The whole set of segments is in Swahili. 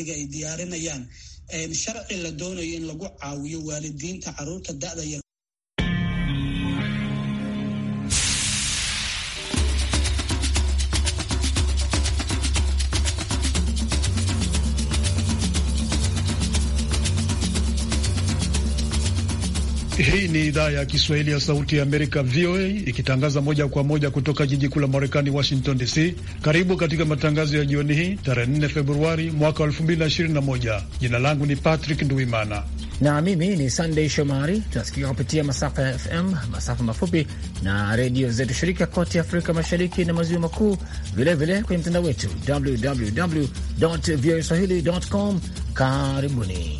ay diyaarinayaan sharci la doonayo in lagu caawiyo waalidiinta caruurta da'da yar Hii ni idhaa ya Kiswahili ya Sauti ya Amerika, VOA, ikitangaza moja kwa moja kutoka jiji kuu la Marekani, Washington DC. Karibu katika matangazo ya jioni hii tarehe 4 Februari mwaka 2021. Jina langu ni Patrick Nduimana na mimi ni Sandey Shomari. Tunasikika kupitia masafa ya FM, masafa mafupi na redio zetu shirika kote Afrika Mashariki na Maziwa Makuu, vilevile kwenye mtandao wetu www voaswahili.com. Karibuni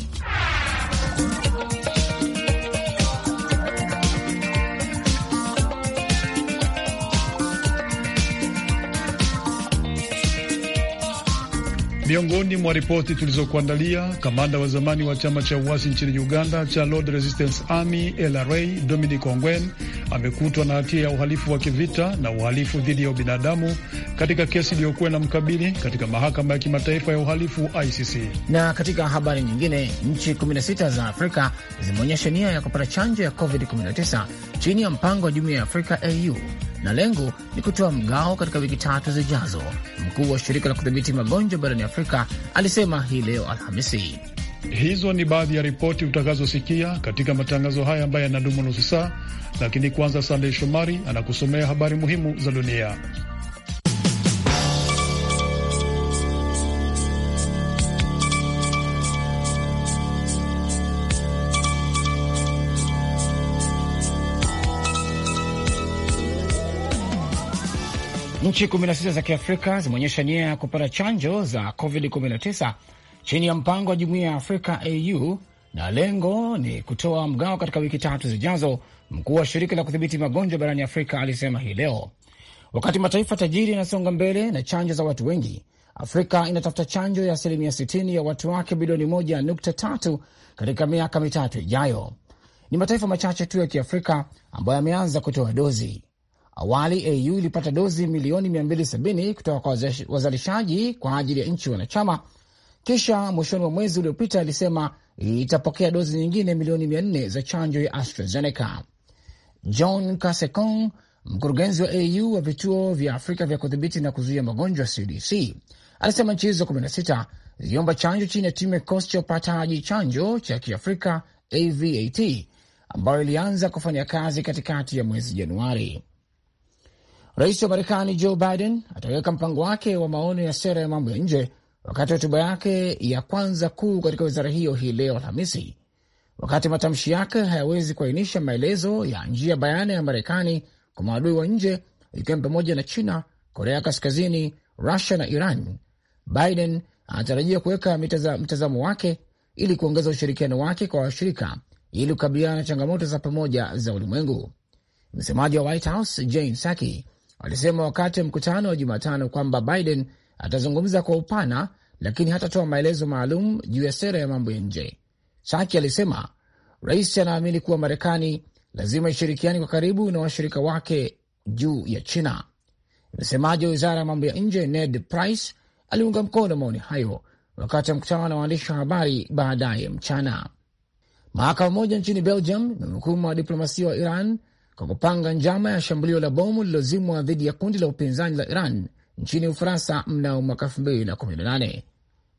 Miongoni mwa ripoti tulizokuandalia, kamanda wa zamani wa chama cha uasi nchini Uganda cha Lord Resistance Army LRA Dominic Ongwen amekutwa na hatia ya uhalifu wa kivita na uhalifu dhidi ya ubinadamu katika kesi iliyokuwa na mkabili katika mahakama ya kimataifa ya uhalifu ICC. Na katika habari nyingine, nchi 16 za Afrika zimeonyesha nia ya kupata chanjo ya COVID-19 chini ya mpango wa jumuiya ya Afrika AU na lengo ni kutoa mgao katika wiki tatu zijazo. Mkuu wa shirika la kudhibiti magonjwa barani Afrika alisema hii leo Alhamisi. Hizo ni baadhi ya ripoti utakazosikia katika matangazo haya ambayo yanadumu nusu saa, lakini kwanza, Sandey Shomari anakusomea habari muhimu za dunia. Nchi 16 za Kiafrika zimeonyesha nia ya kupata chanjo za COVID-19 chini ya mpango wa jumuiya ya Afrika au na lengo ni kutoa mgao katika wiki tatu zijazo. Mkuu wa shirika la kudhibiti magonjwa barani Afrika alisema hii leo, wakati mataifa tajiri yanasonga mbele na chanjo za watu wengi, Afrika inatafuta chanjo ya asilimia 60 ya watu wake bilioni 1.3 katika miaka mitatu ijayo. Ni mataifa machache tu ya kiafrika ambayo yameanza kutoa dozi. Awali AU ilipata dozi milioni 270 kutoka kwa wazalishaji kwa ajili ya nchi wanachama kisha mwishoni mwa mwezi uliopita alisema itapokea dozi nyingine milioni mia nne za chanjo ya AstraZeneca. John Kasekong, mkurugenzi wa AU wa vituo vya Afrika vya kudhibiti na kuzuia magonjwa CDC, alisema nchi hizo 16 ziliomba chanjo chini ya timu ya kikosi cha upataji chanjo cha kiafrika AVAT ambayo ilianza kufanya kazi katikati ya mwezi Januari. Rais wa Marekani Joe Biden ataweka mpango wake wa maono ya sera ya mambo ya nje wakati hotuba yake ya kwanza kuu katika wizara hiyo hii leo Alhamisi, wakati matamshi yake hayawezi kuainisha maelezo ya njia bayana ya Marekani kwa maadui wa nje, ikiwa ni pamoja na China, Korea Kaskazini, Rusia na Iran. Biden anatarajia kuweka mtazamo wake ili kuongeza ushirikiano wake kwa washirika ili kukabiliana na changamoto za pamoja za ulimwengu. Msemaji wa White House Jane Saki alisema wakati wa mkutano wa Jumatano kwamba Biden atazungumza kwa upana, lakini hatatoa maelezo maalum juu ya sera ya mambo ya nje. Saki alisema rais anaamini kuwa Marekani lazima ishirikiani kwa karibu na washirika wake juu ya China. Msemaji wa wizara ya mambo ya nje Ned Price aliunga mkono maoni hayo wakati wa mkutano na waandishi wa habari baadaye mchana. Mahakama moja nchini Belgium imemhukumu wa diplomasia wa Iran kwa kupanga njama ya shambulio la bomu lililozimwa dhidi ya kundi la upinzani la Iran nchini Ufaransa mnao mwaka 2018.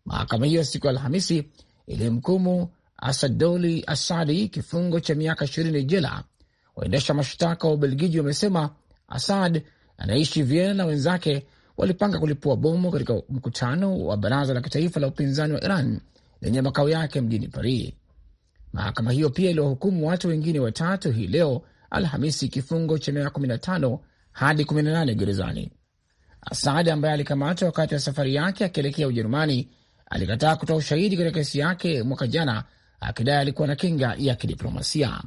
Mahakama hiyo siku ya Alhamisi ilimhukumu Asadoli Asadi kifungo cha miaka ishirini jela. Waendesha mashtaka wa Ubelgiji wamesema Asad anaishi Vienna na wenzake walipanga kulipua bomu katika mkutano wa baraza la kitaifa la upinzani wa Iran lenye makao yake mjini Paris. Mahakama hiyo pia iliwahukumu watu wengine watatu hii leo Alhamisi kifungo cha miaka 15 hadi 18 gerezani. Asad ambaye alikamatwa wakati wa safari yake akielekea Ujerumani alikataa kutoa ushahidi katika kesi yake mwaka jana, akidai alikuwa na kinga ya kidiplomasia.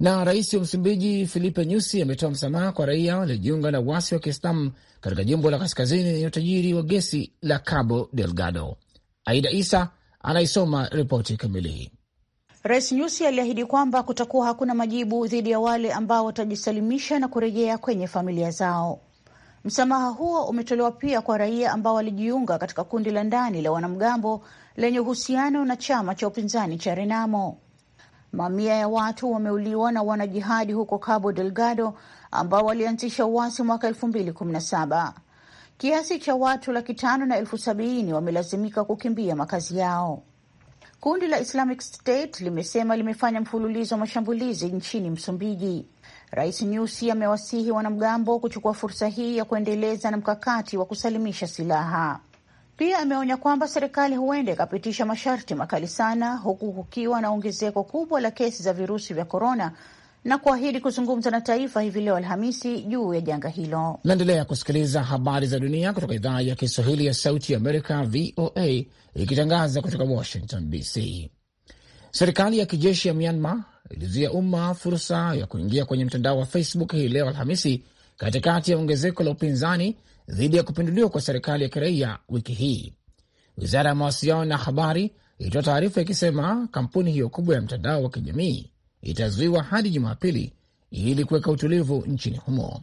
Na rais wa Msumbiji Filipe Nyusi ametoa msamaha kwa raia waliojiunga na uasi wa Kiislamu katika jimbo la kaskazini lenye utajiri wa gesi la Cabo Delgado. Aida Isa anaisoma ripoti kamili. Rais Nyusi aliahidi kwamba kutakuwa hakuna majibu dhidi ya wale ambao watajisalimisha na kurejea kwenye familia zao. Msamaha huo umetolewa pia kwa raia ambao walijiunga katika kundi la ndani la wanamgambo lenye uhusiano na chama cha upinzani cha Renamo. Mamia ya watu wameuliwa na wanajihadi huko Cabo Delgado ambao walianzisha uasi mwaka elfu mbili kumi na saba. Kiasi cha watu laki tano na elfu sabini wamelazimika kukimbia makazi yao. Kundi la Islamic State limesema limefanya mfululizo wa mashambulizi nchini Msumbiji. Rais Nyusi amewasihi wanamgambo kuchukua fursa hii ya kuendeleza na mkakati wa kusalimisha silaha. Pia ameonya kwamba serikali huenda ikapitisha masharti makali sana, huku kukiwa na ongezeko kubwa la kesi za virusi vya korona na kuahidi kuzungumza na taifa hivi leo Alhamisi juu ya janga hilo. Naendelea kusikiliza habari za dunia kutoka idhaa ya Kiswahili ya Sauti ya Amerika, VOA, ikitangaza kutoka Washington DC. Serikali ya kijeshi ya Myanmar ilizuia umma fursa ya kuingia kwenye mtandao wa Facebook hii leo Alhamisi, katikati ya ongezeko la upinzani dhidi ya kupinduliwa kwa serikali ya kiraia wiki hii. Wizara ya mawasiliano na habari ilitoa taarifa ikisema kampuni hiyo kubwa ya mtandao wa kijamii itazuiwa hadi Jumapili ili kuweka utulivu nchini humo.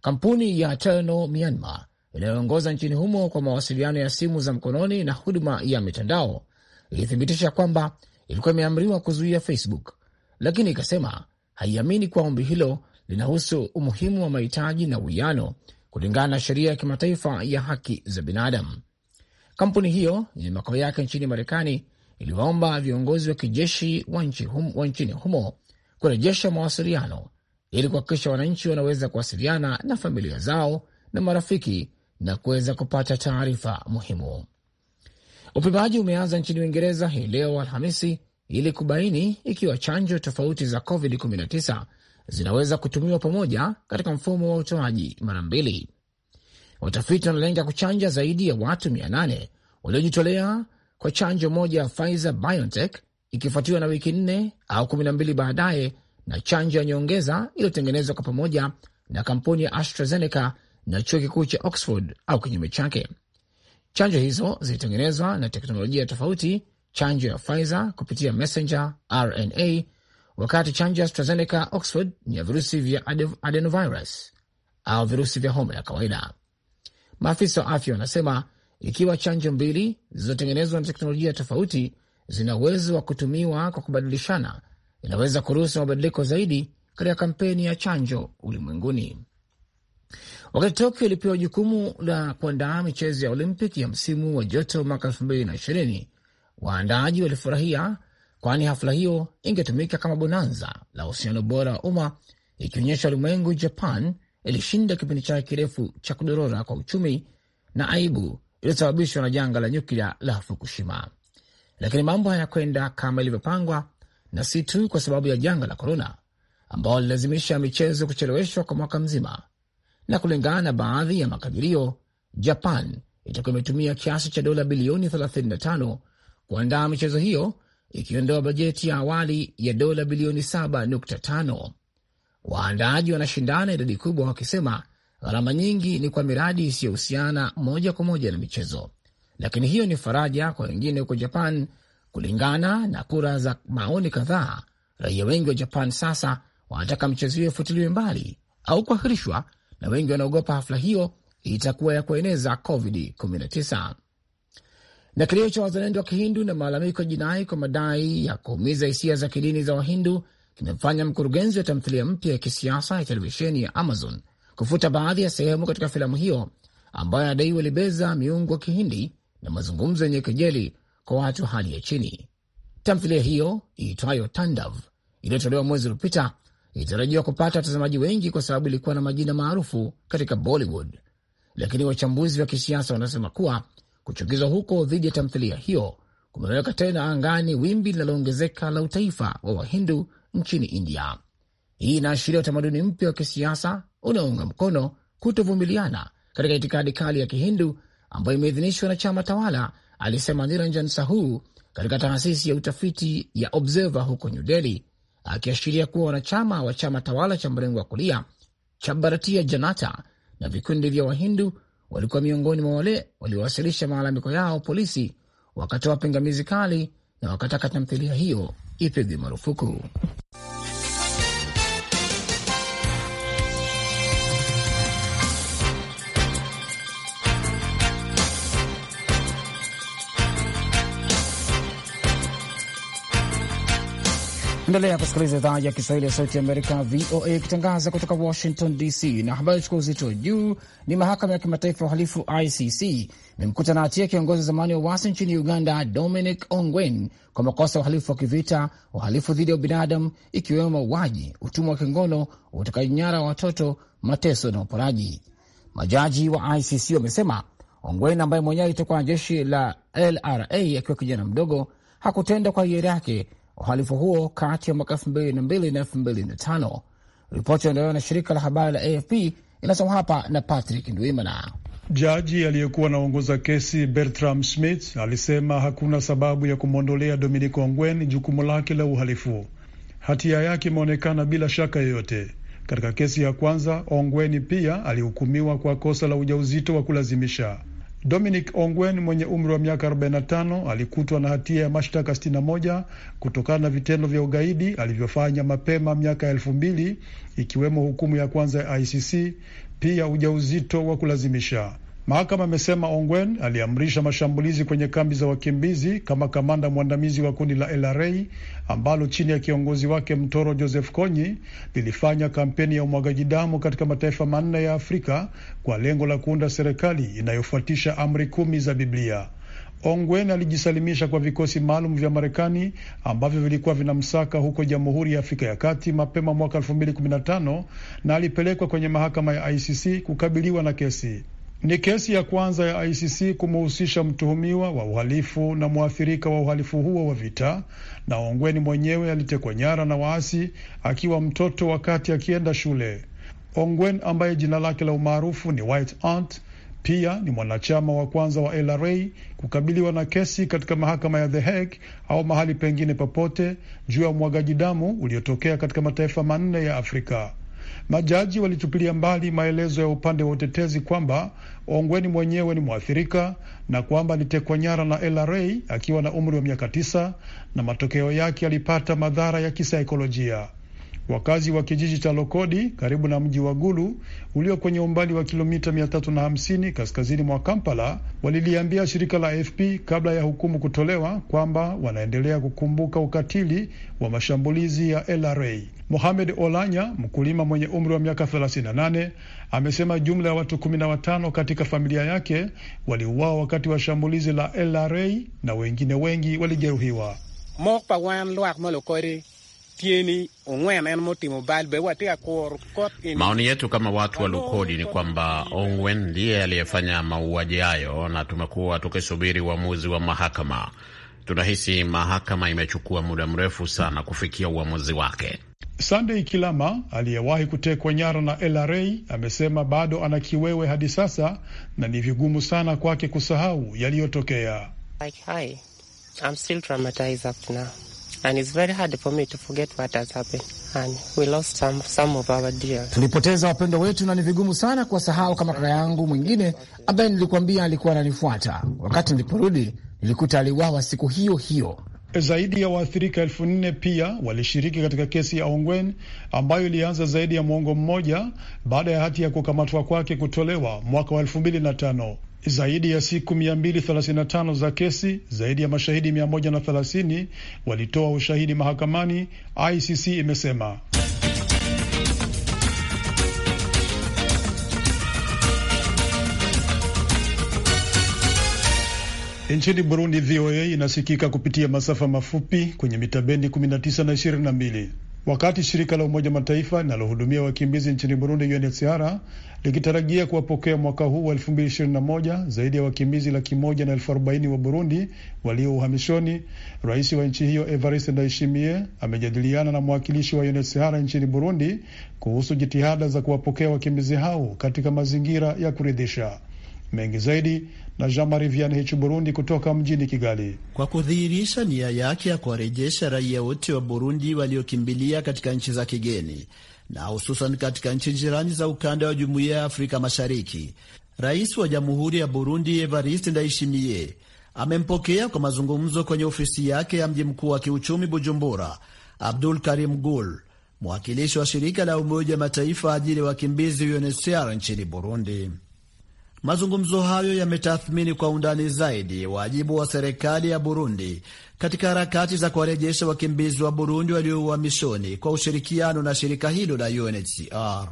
Kampuni ya Telno Myanmar inayoongoza nchini humo kwa mawasiliano ya simu za mkononi na huduma ya mitandao ilithibitisha kwamba ilikuwa imeamriwa kuzuia Facebook, lakini ikasema haiamini kuwa ombi hilo linahusu umuhimu wa mahitaji na uwiano kulingana na sheria ya kimataifa ya haki za binadamu. Kampuni hiyo yenye makao yake nchini Marekani iliwaomba viongozi wa kijeshi wa nchini humo kurejesha mawasiliano ili kuhakikisha wananchi wanaweza kuwasiliana na familia zao na marafiki na kuweza kupata taarifa muhimu. Upimaji umeanza nchini Uingereza hii leo Alhamisi ili kubaini ikiwa chanjo tofauti za COVID-19 zinaweza kutumiwa pamoja katika mfumo wa utoaji mara mbili. Watafiti wanalenga kuchanja zaidi ya watu 800 waliojitolea kwa chanjo moja ya Pfizer BioNTech ikifuatiwa na wiki nne au 12 baadaye na chanjo ya nyongeza iliyotengenezwa kwa pamoja na kampuni ya AstraZeneca na chuo kikuu cha Oxford au kinyume chake. Chanjo hizo zilitengenezwa na teknolojia tofauti, chanjo ya Pfizer kupitia messenger RNA, wakati chanjo ya AstraZeneca Oxford ni ya virusi vya adenovirus au virusi vya homa ya kawaida. Maafisa wa afya wanasema ikiwa chanjo mbili zilizotengenezwa na teknolojia tofauti zina uwezo wa kutumiwa kwa kubadilishana, inaweza kuruhusu mabadiliko zaidi katika kampeni ya chanjo ulimwenguni. Wakati Tokyo ilipewa jukumu la kuandaa michezo ya olympic ya msimu wa joto mwaka elfu mbili na ishirini, waandaaji walifurahia, kwani hafla hiyo ingetumika kama bonanza la uhusiano bora wa umma, ikionyesha ulimwengu Japan ilishinda kipindi chake kirefu cha kudorora kwa uchumi na aibu iliyosababishwa na janga la nyuklia la Fukushima. Lakini mambo hayakwenda kama ilivyopangwa, na si tu kwa sababu ya janga la korona ambao lilazimisha michezo kucheleweshwa kwa mwaka mzima na kulingana na baadhi ya makadirio, Japan itakuwa imetumia kiasi cha dola bilioni 35 kuandaa michezo hiyo, ikiondoa bajeti ya awali ya dola bilioni 7.5. Waandaaji wanashindana idadi kubwa, wakisema gharama nyingi ni kwa miradi isiyohusiana moja kwa moja na michezo, lakini hiyo ni faraja kwa wengine huko Japan. Kulingana na kura za maoni kadhaa, raia wengi wa Japan sasa wanataka michezo hiyo ifutiliwe mbali au kuahirishwa na wengi wanaogopa hafla hiyo itakuwa ya kueneza COVID-19. Na kilio cha wazalendo wa Kihindu na malalamiko ya jinai kwa madai ya kuumiza hisia za kidini za Wahindu kimemfanya mkurugenzi wa tamthilia mpya ya kisiasa ya televisheni ya Amazon kufuta baadhi ya sehemu katika filamu hiyo ambayo anadaiwa libeza miungu wa Kihindi na mazungumzo yenye kejeli kwa watu hali ya chini. Tamthilia hiyo iitwayo Tandav iliyotolewa mwezi uliopita ilitarajiwa kupata watazamaji wengi kwa sababu ilikuwa na majina maarufu katika Bollywood, lakini wachambuzi wa kisiasa wanasema kuwa kuchukizwa huko dhidi ya tamthilia hiyo kumeweka tena angani wimbi linaloongezeka la utaifa wa Wahindu nchini India. Hii inaashiria utamaduni mpya wa kisiasa unaounga mkono kutovumiliana katika itikadi kali ya Kihindu ambayo imeidhinishwa na chama tawala, alisema Niranjan Sahu katika taasisi ya utafiti ya Observer huko New Delhi akiashiria kuwa wanachama wa chama tawala cha mrengo wa kulia cha Bharatiya Janata na vikundi vya Wahindu walikuwa miongoni mwa wale waliowasilisha malalamiko yao polisi, wakatoa pingamizi kali na wakataka tamthilia hiyo ipigwe marufuku. Endelea kusikiliza idhaa ya Kiswahili ya Sauti ya Amerika, VOA, ikitangaza kutoka Washington DC. Na habari chukua uzito wa juu ni mahakama ya kimataifa ya uhalifu ICC imemkuta na hatia kiongozi wa zamani wa wasi nchini Uganda, Dominic Ongwen, kwa makosa ya uhalifu wa kivita, uhalifu dhidi ya ubinadamu, ikiwemo mauaji, utumwa wa kingono, utekaji nyara wa watoto, mateso na uporaji. Majaji wa ICC wamesema Ongwen ambaye mwenyewe alitokwa na jeshi la LRA akiwa kijana mdogo hakutenda kwa hiari yake uhalifu huo kati ya mwaka elfu mbili na mbili na elfu mbili na tano. Ripoti iliyotolewa na shirika la habari la AFP inasoma hapa na Patrick Ndwimana. Jaji aliyekuwa anaongoza kesi Bertram Schmidt alisema hakuna sababu ya kumwondolea Dominic Ongwen jukumu lake la uhalifu. Hatia yake imeonekana bila shaka yoyote. Katika kesi ya kwanza, Ongweni pia alihukumiwa kwa kosa la ujauzito wa kulazimisha. Dominic Ongwen mwenye umri wa miaka 45 alikutwa na hatia ya mashtaka 61 kutokana na vitendo vya ugaidi alivyofanya mapema miaka elfu mbili ikiwemo hukumu ya kwanza ya ICC, pia ujauzito wa kulazimisha. Mahakama amesema Ongwen aliamrisha mashambulizi kwenye kambi za wakimbizi kama kamanda mwandamizi wa kundi la LRA ambalo chini ya kiongozi wake mtoro Joseph Konyi lilifanya kampeni ya umwagaji damu katika mataifa manne ya Afrika kwa lengo la kuunda serikali inayofuatisha amri kumi za Biblia. Ongwen alijisalimisha kwa vikosi maalum vya Marekani ambavyo vilikuwa vinamsaka huko Jamhuri ya Afrika ya Kati mapema mwaka 2015 na alipelekwa kwenye mahakama ya ICC kukabiliwa na kesi. Ni kesi ya kwanza ya ICC kumuhusisha mtuhumiwa wa uhalifu na mwathirika wa uhalifu huo wa vita, na Ongwen mwenyewe alitekwa nyara na waasi akiwa mtoto wakati akienda shule. Ongwen ambaye jina lake la umaarufu ni White Ant pia ni mwanachama wa kwanza wa LRA kukabiliwa na kesi katika mahakama ya The Hague au mahali pengine popote juu ya umwagaji damu uliotokea katika mataifa manne ya Afrika. Majaji walitupilia mbali maelezo ya upande wa utetezi kwamba Ongwen mwenyewe ni mwathirika na kwamba alitekwa nyara na LRA akiwa na umri wa miaka tisa na matokeo yake yalipata madhara ya kisaikolojia. Wakazi wa kijiji cha Lokodi karibu na mji wa Gulu ulio kwenye umbali wa kilomita 350 kaskazini mwa Kampala waliliambia shirika la AFP kabla ya hukumu kutolewa kwamba wanaendelea kukumbuka ukatili wa mashambulizi ya LRA. Mohamed Olanya, mkulima mwenye umri wa miaka 38, amesema jumla ya watu 15 katika familia yake waliuawa wakati wa shambulizi la LRA na wengine wengi walijeruhiwa. Maoni yetu kama watu wa Lukodi ni kwamba Ongwen ndiye aliyefanya mauaji hayo, na tumekuwa tukisubiri uamuzi wa mahakama. Tunahisi mahakama imechukua muda mrefu sana kufikia uamuzi wake. Sunday Kilama aliyewahi kutekwa nyara na LRA amesema bado ana kiwewe hadi sasa na ni vigumu sana kwake kusahau yaliyotokea. Like, Tulipoteza wapendwa wetu na ni vigumu sana kuwasahau, kama kaka yangu mwingine ambaye nilikuambia alikuwa ananifuata. Wakati niliporudi, nilikuta aliwawa siku hiyo hiyo. Zaidi ya waathirika elfu nne pia walishiriki katika kesi ya Ongwen ambayo ilianza zaidi ya mwongo mmoja baada ya hati ya kukamatwa kwake kutolewa mwaka wa elfu mbili na tano zaidi ya siku 235 za kesi, zaidi ya mashahidi 130 walitoa ushahidi mahakamani, ICC imesema. Nchini Burundi, VOA inasikika kupitia masafa mafupi kwenye mitabendi 19 na 22 wakati shirika la Umoja Mataifa linalohudumia wakimbizi nchini Burundi, UNHCR, likitarajia kuwapokea mwaka huu wa 221 zaidi ya wakimbizi laki moja na elfu arobaini wa Burundi walio uhamishoni. Rais wa nchi hiyo Evariste Ndayishimiye amejadiliana na mwakilishi wa UNHCR nchini Burundi kuhusu jitihada za kuwapokea wakimbizi hao katika mazingira ya kuridhisha. Mengi zaidi na Jean Marie Vianney Hichi Burundi kutoka mjini Kigali. Kwa kudhihirisha nia yake ya kuwarejesha raia wote wa Burundi waliokimbilia katika nchi za kigeni na hususan katika nchi jirani za ukanda wa Jumuiya ya Afrika Mashariki, Rais wa Jamhuri ya Burundi Evariste Ndayishimiye amempokea kwa mazungumzo kwenye ofisi yake ya mji mkuu wa kiuchumi Bujumbura Abdul Karim Gul, mwakilishi wa shirika la Umoja Mataifa ajili ya wakimbizi UNHCR nchini Burundi. Mazungumzo hayo yametathmini kwa undani zaidi wajibu wa serikali ya Burundi katika harakati za kuwarejesha wakimbizi wa Burundi walio mishoni kwa ushirikiano na shirika hilo la UNHCR.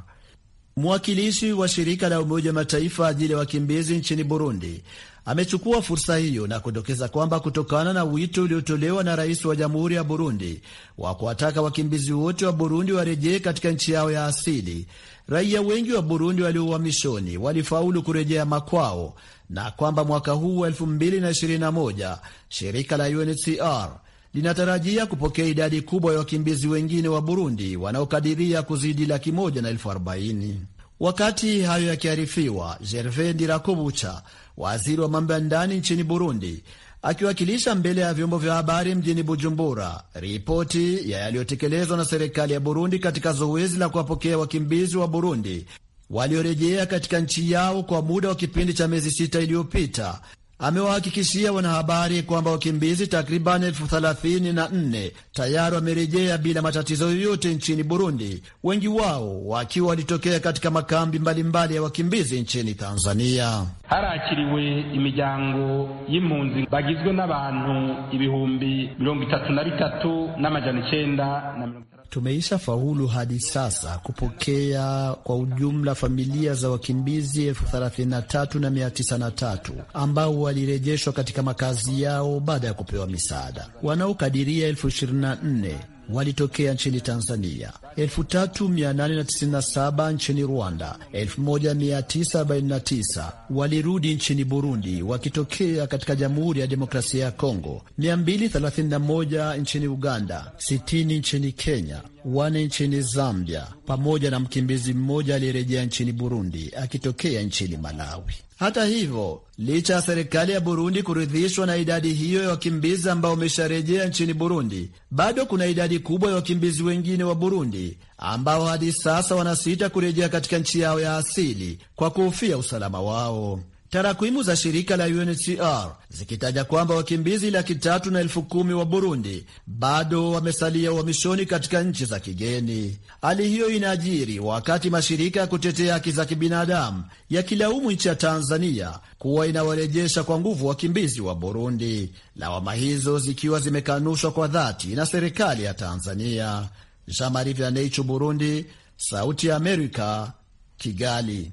Mwakilishi wa shirika la Umoja Mataifa ajili ya wakimbizi nchini Burundi amechukua fursa hiyo na kudokeza kwamba kutokana na wito uliotolewa na rais wa jamhuri ya Burundi wa kuwataka wakimbizi wote wa Burundi warejee katika nchi yao ya asili, raia wengi wa Burundi waliouhamishoni walifaulu kurejea makwao, na kwamba mwaka huu wa 2021 shirika la UNHCR linatarajia kupokea idadi kubwa ya wakimbizi wengine wa Burundi wanaokadiria kuzidi laki moja na elfu arobaini. Wakati hayo yakiharifiwa, Gervais Ndirakobucha waziri wa mambo ya ndani nchini Burundi, akiwakilisha mbele ya vyombo vya habari mjini Bujumbura ripoti ya yaliyotekelezwa na serikali ya Burundi katika zoezi la kuwapokea wakimbizi wa Burundi waliorejea katika nchi yao kwa muda wa kipindi cha miezi sita iliyopita amewahakikishia wanahabari kwamba wakimbizi takriban elfu thelathini na nne tayari wamerejea bila matatizo yoyote nchini Burundi, wengi wao wakiwa walitokea katika makambi mbalimbali mbali ya wakimbizi nchini Tanzania. harakiriwe imiryango y'impunzi bagizwe n'abantu ibihumbi mirongo itatu na bitatu n'amajana icenda na mirongo Tumeisha faulu hadi sasa kupokea kwa ujumla familia za wakimbizi elfu thelathini na tatu na mia tisa na tatu ambao walirejeshwa katika makazi yao baada ya kupewa misaada wanaokadiria elfu ishirini na nne walitokea nchini Tanzania, 3897 nchini Rwanda, 1949 walirudi nchini Burundi wakitokea katika Jamhuri ya Demokrasia ya Kongo, 231 nchini Uganda, 60 nchini Kenya, wane nchini Zambia pamoja na mkimbizi mmoja aliyerejea nchini Burundi akitokea nchini Malawi. Hata hivyo, licha ya serikali ya Burundi kuridhishwa na idadi hiyo ya wakimbizi ambao wamesharejea nchini Burundi, bado kuna idadi kubwa ya wakimbizi wengine wa Burundi ambao hadi sasa wanasita kurejea katika nchi yao ya asili kwa kuhofia usalama wao. Tarakwimu za shirika la UNHCR zikitaja kwamba wakimbizi laki tatu na elfu kumi wa Burundi bado wamesalia uhamishoni katika nchi za kigeni. Hali hiyo inaajiri wakati mashirika ya kutetea haki za kibinadamu yakilaumu nchi ya Tanzania kuwa inawarejesha kwa nguvu wakimbizi wa Burundi, lawama hizo zikiwa zimekanushwa kwa dhati na serikali ya Tanzania. Burundi, Sauti ya Amerika, Kigali.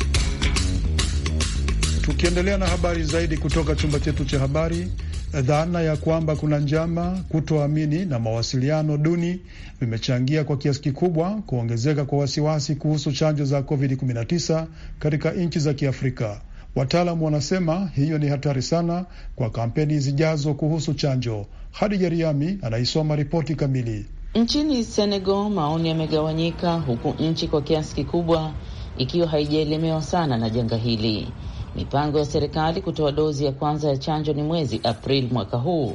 Tukiendelea na habari zaidi kutoka chumba chetu cha habari, dhana ya kwamba kuna njama, kutoamini na mawasiliano duni vimechangia kwa kiasi kikubwa kuongezeka kwa wasiwasi kuhusu chanjo za COVID-19 katika nchi za Kiafrika. Wataalamu wanasema hiyo ni hatari sana kwa kampeni zijazo kuhusu chanjo. Hadija Riami anaisoma ripoti kamili. Nchini Senegal maoni yamegawanyika, huku nchi kwa kiasi kikubwa ikiwa haijaelemewa sana na janga hili. Mipango ya serikali kutoa dozi ya kwanza ya chanjo ni mwezi Aprili mwaka huu.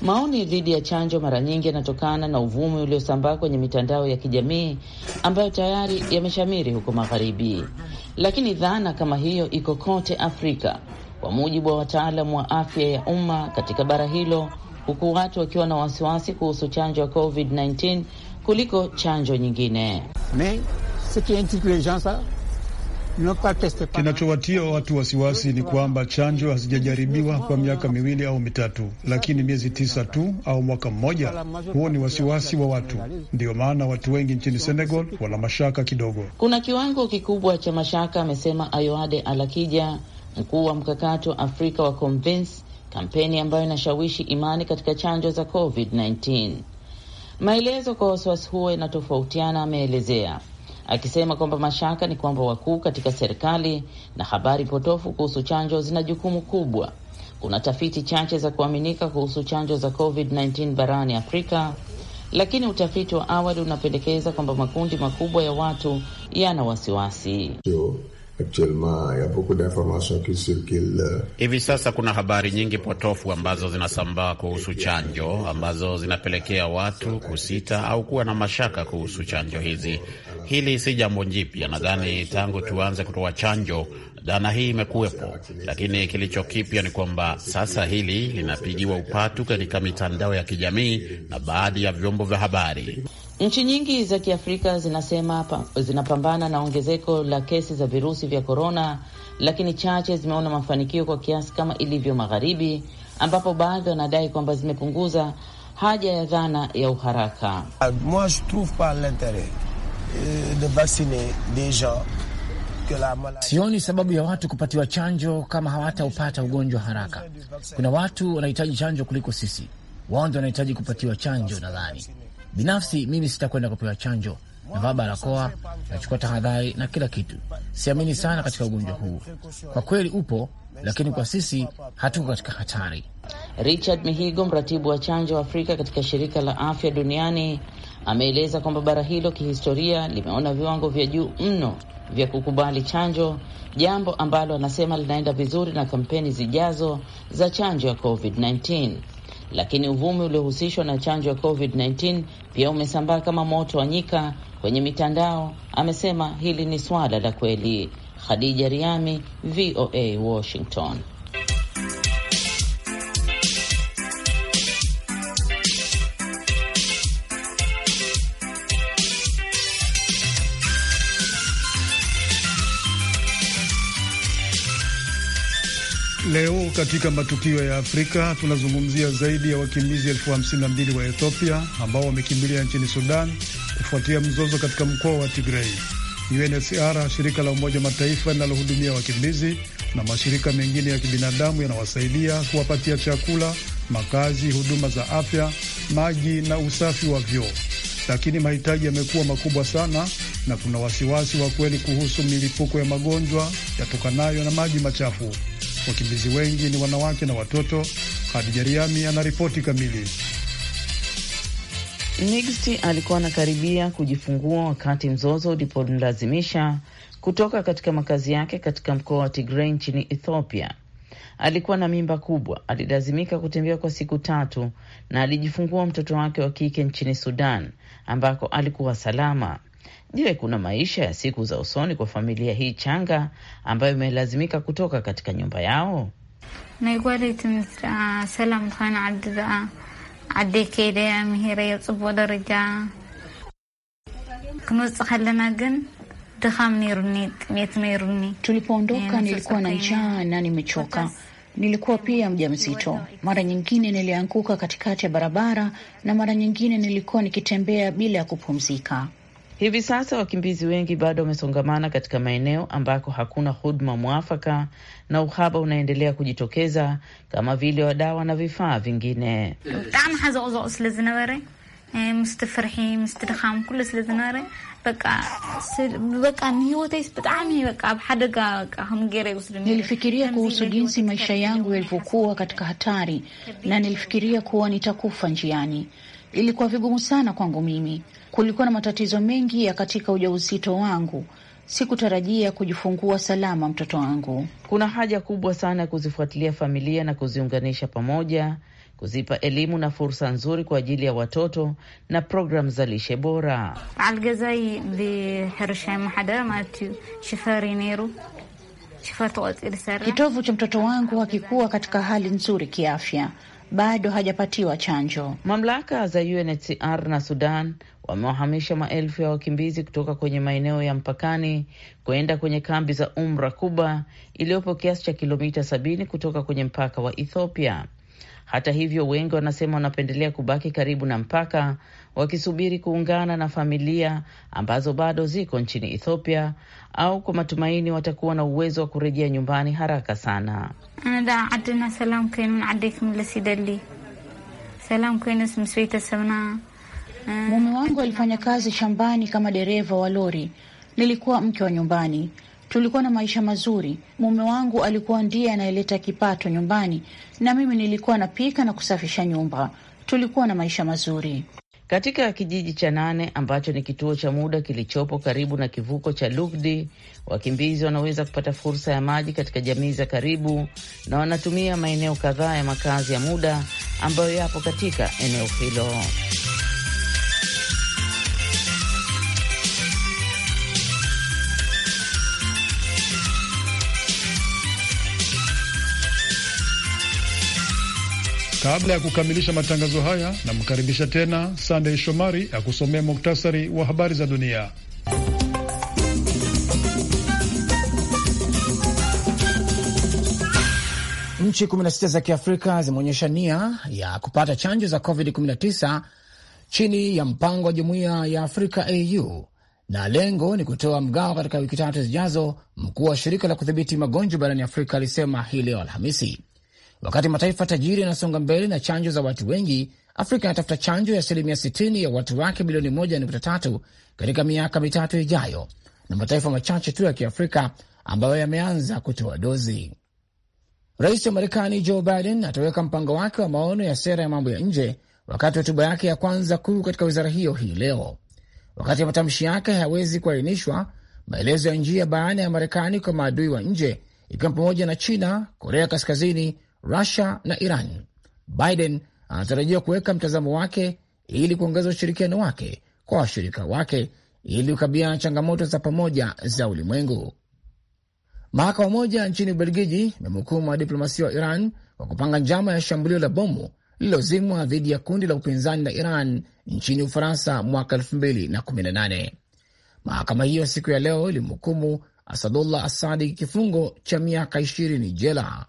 Maoni dhidi ya chanjo mara nyingi yanatokana na uvumi uliosambaa kwenye mitandao ya kijamii ambayo tayari yameshamiri huko magharibi, lakini dhana kama hiyo iko kote Afrika, kwa mujibu wa wataalamu wa afya ya umma katika bara hilo, huku watu wakiwa na wasiwasi kuhusu chanjo ya COVID-19 kuliko chanjo nyingine. Kinachowatia watu wasiwasi ni kwamba chanjo hazijajaribiwa kwa miaka miwili au mitatu, lakini miezi tisa tu au mwaka mmoja, huo ni wasiwasi wa watu. Ndiyo maana watu wengi nchini Senegal wana mashaka kidogo. Kuna kiwango kikubwa cha mashaka, amesema Ayoade Alakija, mkuu wa mkakati wa Afrika wa Convince, kampeni ambayo inashawishi imani katika chanjo za COVID-19. Maelezo kwa wasiwasi huo inatofautiana, ameelezea akisema kwamba mashaka ni kwamba wakuu katika serikali na habari potofu kuhusu chanjo zina jukumu kubwa. Kuna tafiti chache za kuaminika kuhusu chanjo za COVID-19 barani Afrika, lakini utafiti wa awali unapendekeza kwamba makundi makubwa ya watu yana wasiwasi Euh, Hivi sasa kuna habari nyingi potofu ambazo zinasambaa kuhusu chanjo ambazo zinapelekea watu kusita au kuwa na mashaka kuhusu chanjo hizi. Hili si jambo jipya, nadhani tangu tuanze kutoa chanjo Dhana hii imekuwepo, lakini kilicho kipya ni kwamba sasa hili linapigiwa upatu katika mitandao ya kijamii na baadhi ya vyombo vya habari. Nchi nyingi za Kiafrika zinasema pa, zinapambana na ongezeko la kesi za virusi vya korona, lakini chache zimeona mafanikio kwa kiasi kama ilivyo magharibi, ambapo baadhi wanadai kwamba zimepunguza haja ya dhana ya uharaka. Moi, je trouve pas eh, de vacciner des gens Sioni sababu ya watu kupatiwa chanjo kama hawataupata ugonjwa haraka. Kuna watu wanahitaji chanjo kuliko sisi, wao ndio wanahitaji kupatiwa chanjo. Nadhani binafsi mimi sitakwenda kupewa chanjo. Navaa barakoa, nachukua tahadhari na kila kitu. Siamini sana katika ugonjwa huu, kwa kweli upo, lakini kwa sisi hatuko katika hatari. Richard Mihigo, mratibu wa chanjo wa Afrika katika shirika la afya duniani, ameeleza kwamba bara hilo kihistoria limeona viwango vya juu mno vya kukubali chanjo, jambo ambalo anasema linaenda vizuri na kampeni zijazo za chanjo ya COVID-19. Lakini uvumi uliohusishwa na chanjo ya COVID-19 pia umesambaa kama moto wa nyika kwenye mitandao. Amesema hili ni swala la kweli. Khadija Riami, VOA, Washington. Katika matukio ya Afrika tunazungumzia zaidi ya wakimbizi elfu hamsini na mbili wa Ethiopia ambao wamekimbilia nchini Sudan kufuatia mzozo katika mkoa wa Tigrei. UNHCR, shirika la Umoja Mataifa linalohudumia wakimbizi na mashirika mengine ya kibinadamu yanawasaidia kuwapatia chakula, makazi, huduma za afya, maji na usafi wa vyoo, lakini mahitaji yamekuwa makubwa sana na kuna wasiwasi wa kweli kuhusu milipuko ya magonjwa yatokanayo na maji machafu. Wakimbizi wengi ni wanawake na watoto. Hadija Riami anaripoti kamili. Nigsti alikuwa anakaribia kujifungua wakati mzozo ulipomlazimisha kutoka katika makazi yake katika mkoa wa Tigray nchini Ethiopia. Alikuwa na mimba kubwa, alilazimika kutembea kwa siku tatu na alijifungua mtoto wake wa kike nchini Sudan ambako alikuwa salama. Je, kuna maisha ya siku za usoni kwa familia hii changa ambayo imelazimika kutoka katika nyumba yao? Uh, uh, Tulipoondoka eh, nilikuwa na njaa na nimechoka. Nilikuwa pia mjamzito. Mara nyingine nilianguka katikati ya barabara, na mara nyingine nilikuwa nikitembea bila ya kupumzika. Hivi sasa wakimbizi wengi bado wamesongamana katika maeneo ambako hakuna huduma mwafaka na uhaba unaendelea kujitokeza kama vile wa dawa na vifaa vingine. Nilifikiria kuhusu jinsi maisha yangu yalivyokuwa katika hatari na nilifikiria kuwa nitakufa njiani. Ilikuwa vigumu sana kwangu mimi kulikuwa na matatizo mengi ya katika ujauzito wangu. Sikutarajia kujifungua salama mtoto wangu. Kuna haja kubwa sana ya kuzifuatilia familia na kuziunganisha pamoja, kuzipa elimu na fursa nzuri kwa ajili ya watoto na programu za lishe bora. Kitovu cha mtoto wangu hakikuwa katika hali nzuri kiafya, bado hajapatiwa chanjo. Mamlaka za UNHCR na Sudan wamewahamisha maelfu ya wakimbizi kutoka kwenye maeneo ya mpakani kwenda kwenye kambi za Umra Kuba iliyopo kiasi cha kilomita sabini kutoka kwenye mpaka wa Ethiopia. Hata hivyo, wengi wanasema wanapendelea kubaki karibu na mpaka wakisubiri kuungana na familia ambazo bado ziko nchini Ethiopia au kwa matumaini watakuwa na uwezo wa kurejea nyumbani haraka sana. Mm. Mume wangu alifanya kazi shambani kama dereva wa lori, nilikuwa mke wa nyumbani. Tulikuwa na maisha mazuri. Mume wangu alikuwa ndiye anayeleta kipato nyumbani, na mimi nilikuwa napika na kusafisha nyumba. Tulikuwa na maisha mazuri. Katika kijiji cha Nane ambacho ni kituo cha muda kilichopo karibu na kivuko cha Lugdi, wakimbizi wanaweza kupata fursa ya maji katika jamii za karibu, na wanatumia maeneo kadhaa ya makazi ya muda ambayo yapo katika eneo hilo. Kabla ya kukamilisha matangazo haya, namkaribisha tena Sandey Shomari akusomea muktasari wa habari za dunia. Nchi 16 za Kiafrika zimeonyesha nia ya kupata chanjo za COVID-19 chini ya mpango wa jumuiya ya Afrika au na lengo ni kutoa mgao katika wiki tatu zijazo. Mkuu wa shirika la kudhibiti magonjwa barani Afrika alisema hii leo Alhamisi. Wakati mataifa tajiri yanasonga mbele na chanjo za watu wengi, Afrika inatafuta chanjo ya asilimia 60 ya watu wake bilioni 1.3 katika miaka mitatu ijayo, na mataifa machache tu ya kiafrika ambayo yameanza kutoa dozi. Rais wa Marekani Joe Biden ataweka mpango wake wa maono ya sera ya mambo ya nje wakati hotuba yake ya kwanza kuu katika wizara hiyo hii leo. Wakati matamshi yake hayawezi kuainishwa, maelezo ya njia baada ya Marekani kwa maadui wa nje, ikiwa pamoja na China, Korea Kaskazini, Rusia na Iran. Biden anatarajiwa kuweka mtazamo wake ili kuongeza ushirikiano wake kwa washirika wake ili kukabiliana na changamoto za pamoja za ulimwengu. Mahakama moja nchini Ubelgiji imemhukumu diplomasia wa Iran kwa kupanga njama ya shambulio la bomu lililozimwa dhidi ya kundi la upinzani la Iran nchini Ufaransa mwaka 2018. Mahakama hiyo siku ya leo ilimhukumu Asadullah Asadi kifungo cha miaka 20 jela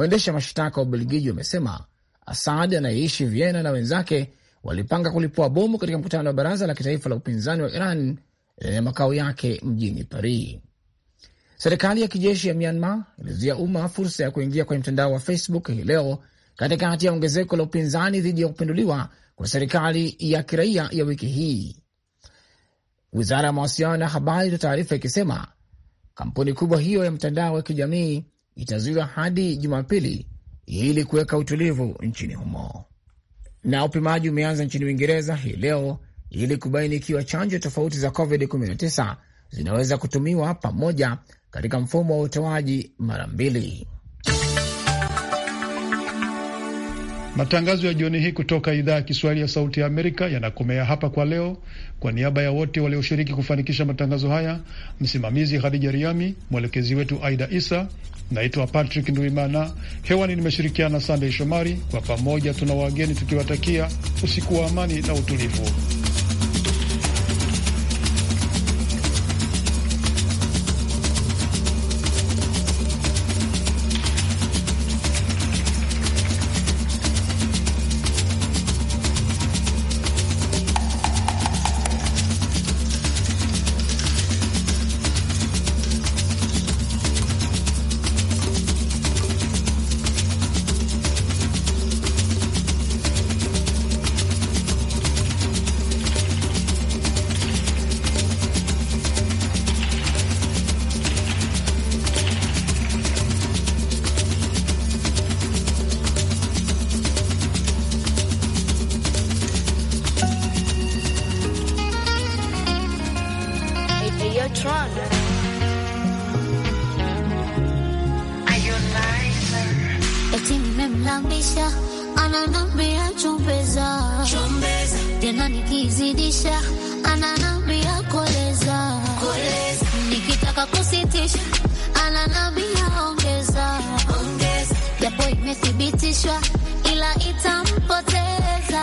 Waendesha mashtaka wa Ubelgiji wamesema Asad anayeishi Vienna na wenzake walipanga kulipua bomu katika mkutano wa baraza la kitaifa la upinzani wa Iran lenye makao yake mjini Paris. Serikali ya kijeshi ya Myanmar ilizuia umma fursa ya kuingia kwenye mtandao wa Facebook hii leo katikati ya ongezeko la upinzani dhidi ya kupinduliwa kwa serikali ya kiraia ya wiki hii. Wizara ya mawasiliano na habari ito taarifa ikisema kampuni kubwa hiyo ya mtandao wa kijamii itazuiwa hadi Jumapili ili kuweka utulivu nchini humo. Na upimaji umeanza nchini Uingereza hii leo ili kubaini ikiwa chanjo tofauti za COVID-19 zinaweza kutumiwa pamoja katika mfumo wa utoaji mara mbili. Matangazo ya jioni hii kutoka idhaa ya Kiswahili ya Sauti ya Amerika yanakomea hapa kwa leo. Kwa niaba ya wote walioshiriki kufanikisha matangazo haya, msimamizi Khadija Riami, mwelekezi wetu Aida Isa, Naitwa Patrick Nduimana, hewani nimeshirikiana Sandey Shomari. Kwa pamoja tuna wageni tukiwatakia usiku wa amani na utulivu. imethibitishwa ila itampoteza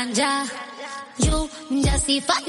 ganja. You just see I